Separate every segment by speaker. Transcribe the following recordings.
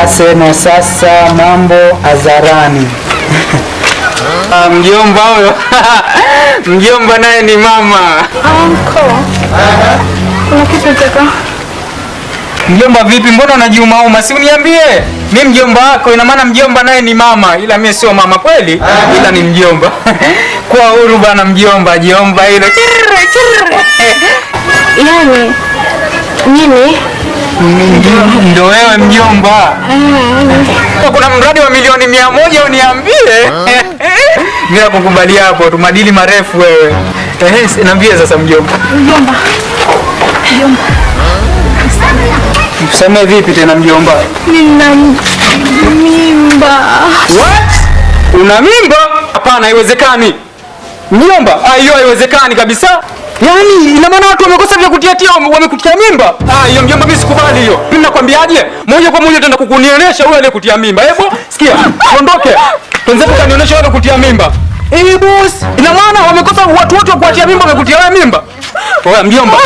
Speaker 1: asema sasa mambo hadharani. Ah, mjomba huyo mjomba naye ni mama mjomba. Vipi, mbona unajiumauma? Si uniambie mi mjomba wako, inamana mjomba naye ni mama, ila mie sio mama kweli, ila ni mjomba. Kwa huru bana, mjomba jomba hilo.
Speaker 2: yani mimi
Speaker 1: ndio wewe mjomba. Ah. Kuna mradi wa milioni mia moja uniambie. Ah. Mimi nakukubalia hapo tu, madili marefu wewe. Eh, eh niambie sasa mjomba.
Speaker 2: Mjomba. Mjomba.
Speaker 1: Mseme vipi tena mjomba?
Speaker 2: Nina mimba.
Speaker 1: What? Una mimba? Hapana, haiwezekani. Mjomba, ah, hiyo haiwezekani kabisa. Yaani ina maana watu wamekosa vya kutiatia wamekutia mimba? Ah, hiyo mjomba mimi sikubali hiyo. Mimi nakwambiaje? Moja kwa moja tutaenda kukunionyesha huyo aliyekutia mimba. Hebu sikia, ondoke. Tuanze kukanionyesha yule aliyekutia mimba. Eh, boss, ina maana wamekosa watu wote wa kuatia mimba wamekutia wewe mimba? Oya mjomba,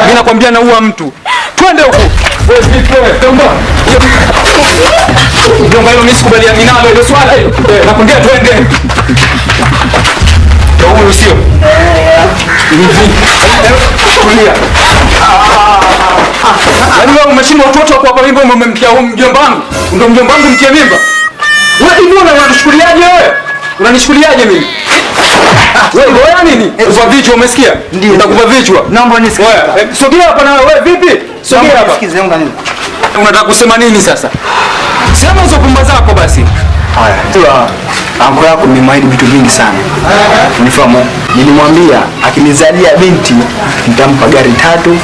Speaker 1: mimi nakwambia na huwa mtu. Twende huko. Boss, twende. Tamba. Mjomba, hiyo mimi sikubaliani nalo ile swala. hiyo. Eh, nakwambia twende. Ndio huyo sio. Yaani Unataka kusema nini sasa? Sema hizo pumba zako basi
Speaker 3: anko yako nimemwahidi vitu vingi sana, nifahamu. Nilimwambia akinizalia binti nitampa gari tatu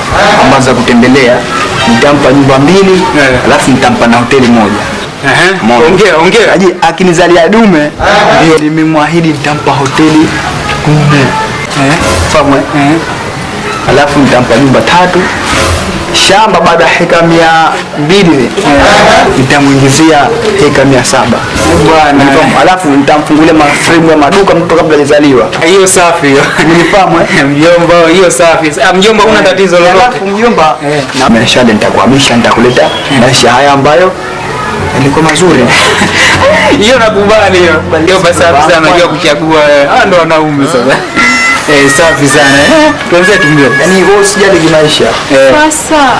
Speaker 3: ambazo za kutembelea, nitampa nyumba mbili, eh. alafu nitampa na hoteli moja.
Speaker 1: Ongea ongea.
Speaker 3: akinizalia dume, ndio nimemwahidi nitampa hoteli nne, eh, fahamu, eh, alafu nitampa nyumba tatu shamba baada ya heka mia mbili nitamwingizia heka mia saba bwana, alafu nitamfungulia mafremu ya maduka mtu kabla hajazaliwa.
Speaker 1: Ah, hiyo safi, hiyo nilifahamu mjomba, hiyo safi ah, mjomba, una tatizo lolote?
Speaker 3: Alafu mjomba, eh. na maisha nitakuhamisha, nitakuleta eh. maisha haya ambayo yalikuwa mazuri.
Speaker 1: Hiyo nakubali hiyo, ndio basi. Hapo sana najua kuchagua, eh. ah, ndo wanaume sasa Eh, safi sana Tuanze tumbio.
Speaker 3: Yani wewe usijali kimaisha. Eh.
Speaker 2: Sasa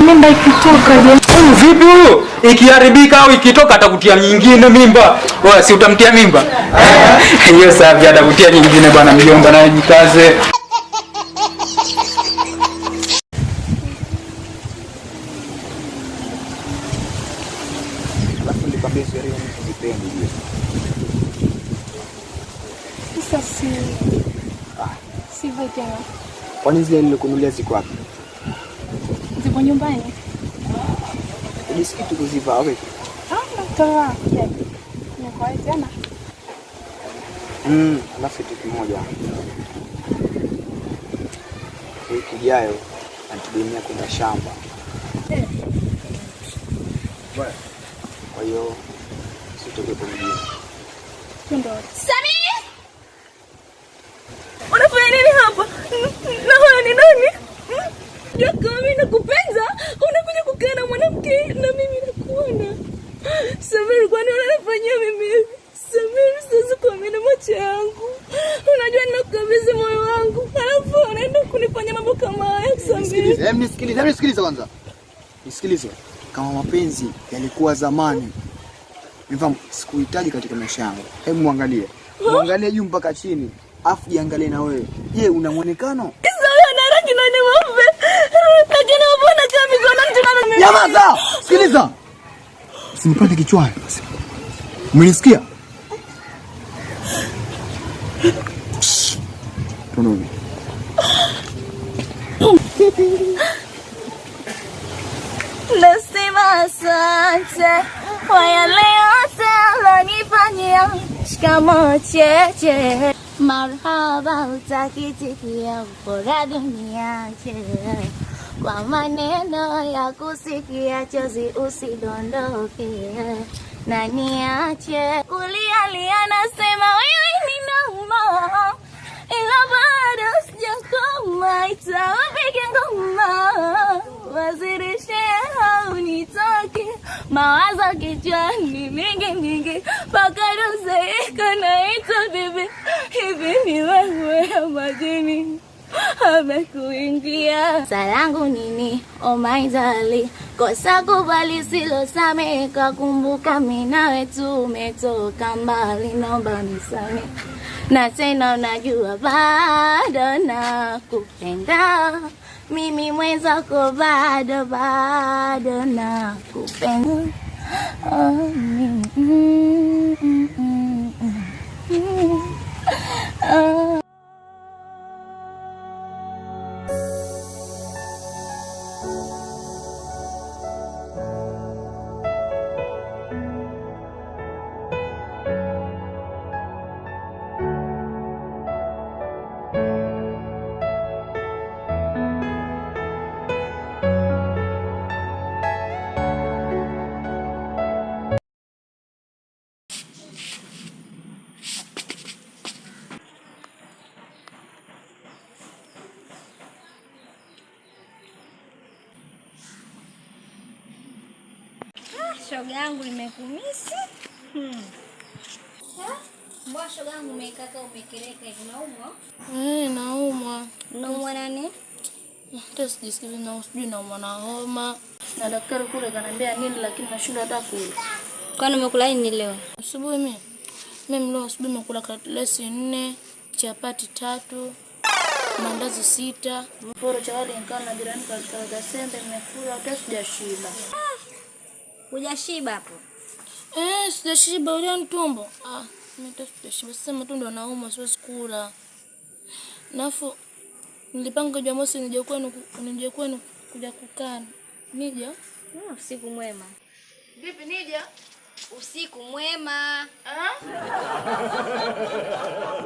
Speaker 2: mimba ikitoka je?
Speaker 1: Huyu vipi huyo? Ikiharibika au ikitoka atakutia nyingine mimba. Wewe si utamtia mimba? Eh. Hiyo safi atakutia nyingine bwana mjomba na jikaze.
Speaker 2: Hapana. Sivyo tena.
Speaker 3: Kwani zile nilikunulia ziko wapi? Ziko nyumbani. Ujisikii tu ah, wapi mm, alafu kitu kimoja. Wiki ijayo kwenda shamba. Eh. Kwa hiyo sitoke mjini
Speaker 2: nini hapa? Na huyo ni nani? Jaka, mimi nakupenda, unakuja kukaa na mwanamke na mimi nakuona. Samir, kwani unanifanyia mimi hivi? Samir, siwezi kuamini macho yangu. Unajua ninakukabidhi moyo wangu, alafu unaenda kunifanya mambo kama haya
Speaker 3: Samir. Hebu nisikilize, hebu nisikilize kwanza. Nisikilize. Kama mapenzi yalikuwa zamani, sikuhitaji katika maisha yangu. Hebu muangalie, muangalie juu mpaka chini afu jiangalie na wewe. Je, una mwonekano? Nyamaza! Sikiliza. Usinipate kichwani. Umenisikia? Tunaona.
Speaker 2: Nasema asante kwa yale yote unanifanyia. Shikamoo cheche marhaba utakitia bora dunia kwa maneno ya kusikia chozi usidondoke na niache ulialia, nasema wewe ni noma, ila bado sijakoma, itawapige ngoma wazirishe hau nitoke mawazo kichwani mingi mingi paka mimi wewe majini amekuingia. Salangu nini omaizali oh kosa kubali silo same kakumbuka, minawe tumetoka mbali, naomba nisame na tena, unajua bado nakupenda mimi mwenzako, bado bado nakupenda oh, mm, mm, mm.
Speaker 4: shoga yangu nimekumisi. Hmm. Mbona shoga yangu umekaka umekereka hivi unaumwa?
Speaker 5: Eh, naumwa.
Speaker 4: Naumwa nani?
Speaker 5: Hata sijisikii na sijui naumwa na homa.
Speaker 4: Na daktari kule kaniambia nini lakini nashindwa hata kula. Kwani umekula nini leo?
Speaker 5: Asubuhi mimi. Mimi leo asubuhi nimekula katlesi nne, chapati tatu, mandazi sita,
Speaker 4: mporo cha wali nikawa na jirani kwa kasembe nimekula hata sijashiba. Ah, Hujashiba hapo?
Speaker 5: Eh, sijashiba ule mtumbo. Ah, mimi sijashiba. Sasa mtumbo unauma, siwezi kula. Nafu nilipanga Jumamosi nije kwenu, nije kwenu kuja kukana. Nija? Ah,
Speaker 4: usiku mwema. Vipi nija? Usiku mwema. Ah?